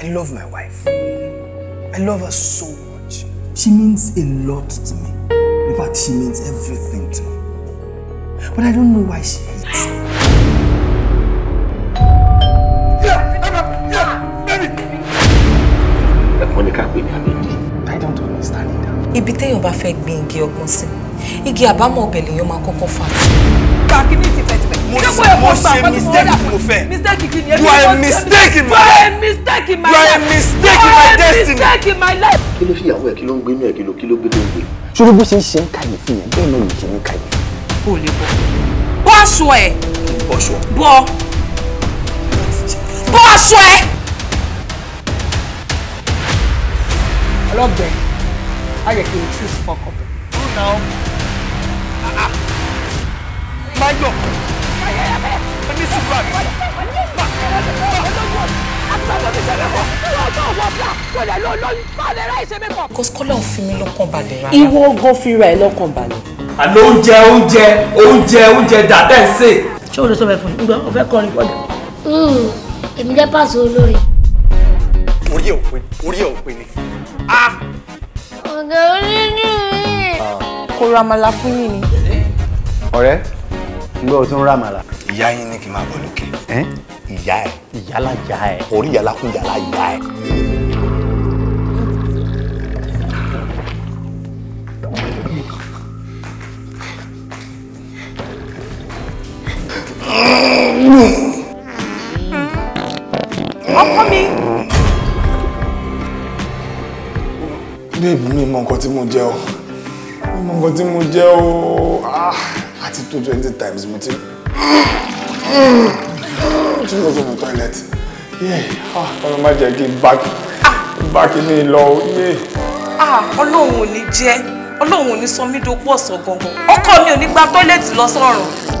I love my wife. I love her so much. She means a lot to me. In fact, she means everything to me. But I don't know why she hates me. I don't understand it. Ibi téèyàn bá fẹ́ gbin igi ọgbọ́n sí, igi àbámọ̀ ọbẹ̀ lèèyàn máa kọ́kọ́ fà. Kàkí ní ti fẹ́ tipẹ́. Mo ṣe mistake mo fẹ́. Mistake kìkì ni ẹni tó ṣe. You are a mistake in my life. You are a mistake in my life risking my life. kí ló ṣèyàwó ẹ kí ló ń gbé inú ẹ kí ló kí ló gbé ló ń gbé. ṣòro bó ṣe ń ṣe ń kàyéfì yẹn bẹ́ẹ̀ náà nìyí ń kàyéfì. kò lè bọ bọ aṣọ ẹ. bọ aṣọ. bọ bọ aṣọ ẹ. ọlọ́gbẹ̀ẹ́ ayẹ̀kẹ́ ojú ìfọkànbẹ̀. kò lè lọ lóyún má lè ráì ṣe mẹ́kọ̀. because kọ́lá ò fi mi lọ́kàn balẹ̀ rárá. ìwọ ogun fi ra ẹ lọ́kàn balẹ̀. àná oúnjẹ oúnjẹ oúnjẹ oúnjẹ dàda ẹ̀ sè. ṣé o lè sọ bẹ́ẹ̀ fún mi gbọ́ o fẹ́ kọrin pọ̀ jù. Hmm, èmi jẹ́ pàṣẹ olórin. orí ẹ̀ ò pé orí ẹ̀ ò pé ni. ọ̀gá onínú mi. kò ra àmàlà fún yín ni. ọ̀rẹ́ ngbọ́ o tún ra àmàlà. ìyá yín ní kí n máa bọ̀ lókè. ìyá ẹ̀ ìyálàjà ẹ̀ orí ìyálàkújàlá ìyá ẹ̀. ọkọ mi. bẹ́ẹ̀ni mi mọ nǹkan tí mo jẹ o mi mọ nǹkan tí mo jẹ o àti ah, tó twenty times mo ti tí mo tó mo toilet ah, ọlọ́run má jẹ́ kí n bá kí ní lọ ah, ọlọ́run ò ní jẹ́ ọlọ́run ò ní sọ mí dopọ̀ ọ̀sán gangan ọkọ mi ò ní gba tọ́lẹ̀tì lọ sọ́run.